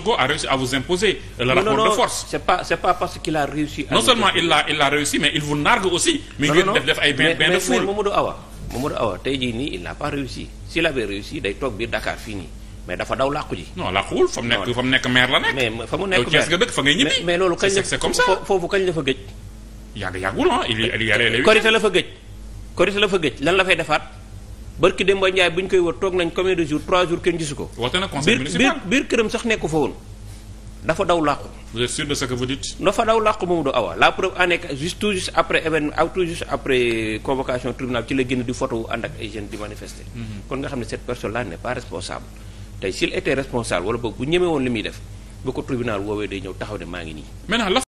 Togo a réussi à vous imposer euh, le rapport non, non, de force. c'est pas c'est pas parce qu'il a réussi. À non seulement il l'a il l'a réussi mais il vous nargue aussi. mais ngeen def def ay bain bain de foule. mais Mamadou Awa Mamadou Awa tey jii nii il n'a pas réussi s'il avait réussi day toog biir Dakar fii nii mais dafa daw làqu ji. non làquwul fa mu nekk fa mu nekk maire la nekk. mais fa mu nekk maire nga dëkk fa ngay ñibbi. mais loolu kañ c'est comme ça foofu kañ la fa gëj. yàgg yàggul ah il y a il y a. Korité la fa gëj Korité la fa gëj lan la fay defaat barki Demba Ndiaye bu ñu koy wër toog nañ combien de jours trois jours kenn gisu ko. biir biir këram sax nekku fa woon. dafa daw làqu. vous êtes daw làqu moom du awa la preuve ah, ànd ak mhm. kon nga xam ne cette personne là n'est pas responsable. tey s'il était responsable wala boog bu ñeme woon def bu ko tribunal woowee day ñëw taxaw ne maa ngi nii.